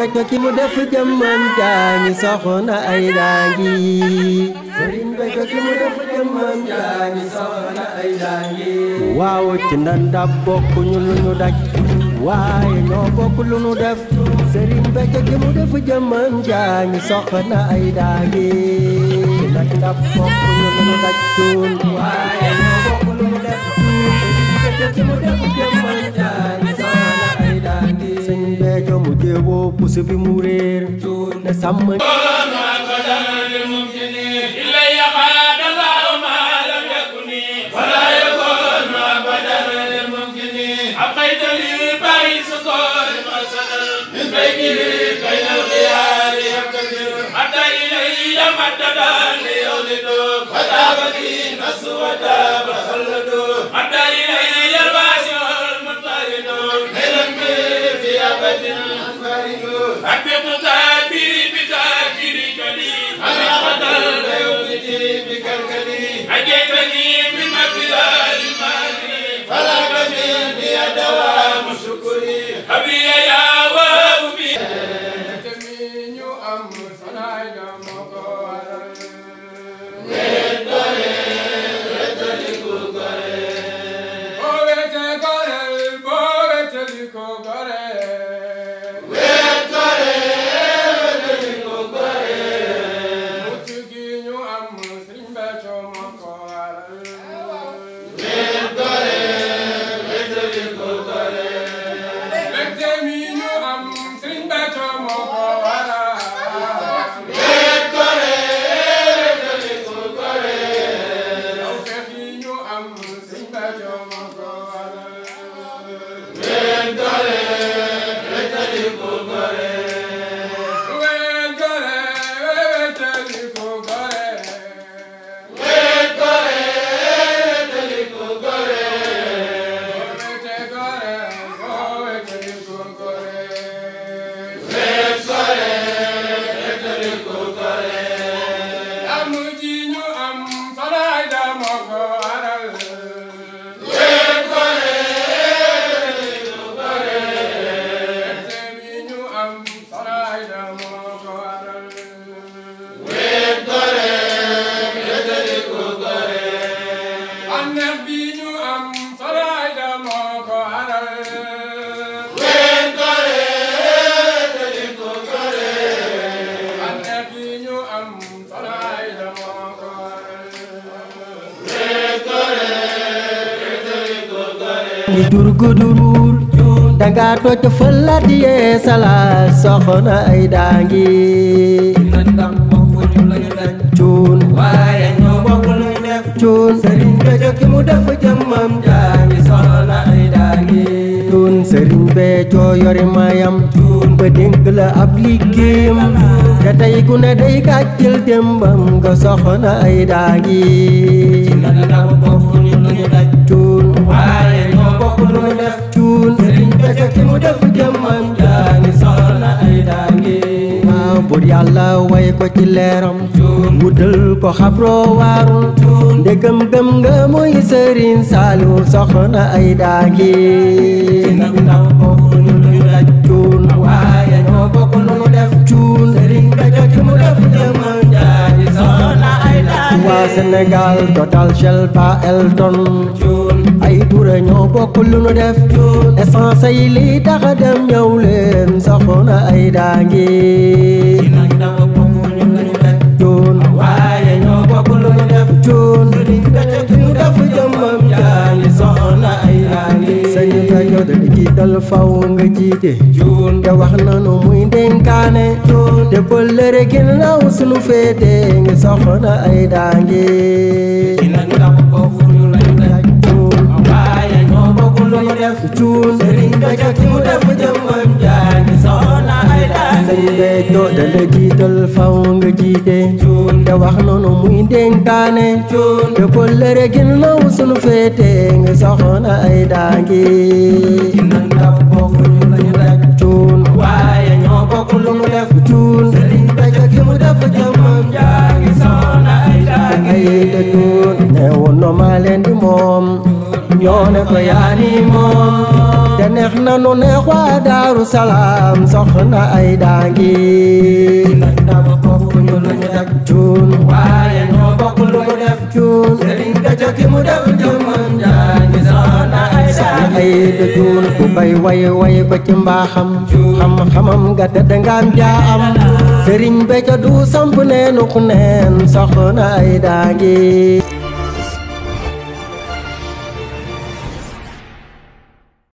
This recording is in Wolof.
bëgg ki mu def jëmmam jaani soxna Ayda ngi sëriñ bëgg ki mu def jëmmam jaani soxna Ayda ngi waaw ci ndanda bokk ñu lu ñu daj waaye ñoo bokk lu ñu def sëriñ bëgg ki mu def jëmmam jaani soxna Ayda ngi ci ndanda bokk ñu lu ñu daj tuun waaye ñoo bokk lu ñu def sëriñ bëgg ki mu def jëmmam yow pus bi mu réer ne sàmm Thank you. I feel the ngi jurgu durur danga toj fëlaat yee salaat soxna ay daangi cuun waaye ñoo bokk luy cuun sëriñ Béthio ki mu def jëmmam jaangi soxna ay daangi cuun sëriñ Béthio yori cuun ba dénk la ab liggéeyam te tey ku ne day gàccil démbam nga ay daangi roy ko ci leeram wutal ko xabroo waarul ndegam gëm nga muy sëriñ Saliou soxna ay daagi nag ndaw boobu ñu def cuun sëriñ dajo ci mu def jëmal njaaji ay daagi waa Sénégal total Shell Pa ay tura ñoo bokk def essence yi li tax ñëw leen soxna ay daagi mbëggee juun nga wax nanu muy dénkaane juun te pëllëre ginnaaw sunu féete ngi soxna ay daangi cuun sëriñ Béthio ki mu def jëmmam jaan ngi soxna ay daangi sëriñ Béthio da la jiital faw nga jiite cuun te wax nanu muy dénkaane cuun te pëllëre ginnaaw sunu féete ngi soxna ay daangi kooku lu mu def tuun sëriñ Béthio ki mu def jëmmam jaa ngi soxna ay daagi ay de tuun ne woon na maa leen di moom ñoo ne ko yaa ni moom te neex na nu neex waa Daaru Salaam soxna ay daagi dama bokk ñu lu ñu def tuun waaye ñoo bokk lu mu def tuun sëriñ Béthio ki mu def jëmmam jaa ngi soxna ay daagi bay way way ko ci mbaaxam xam-xamam nga tëdd ngaam jaa am du samp neenu ku neen soxna ay daangi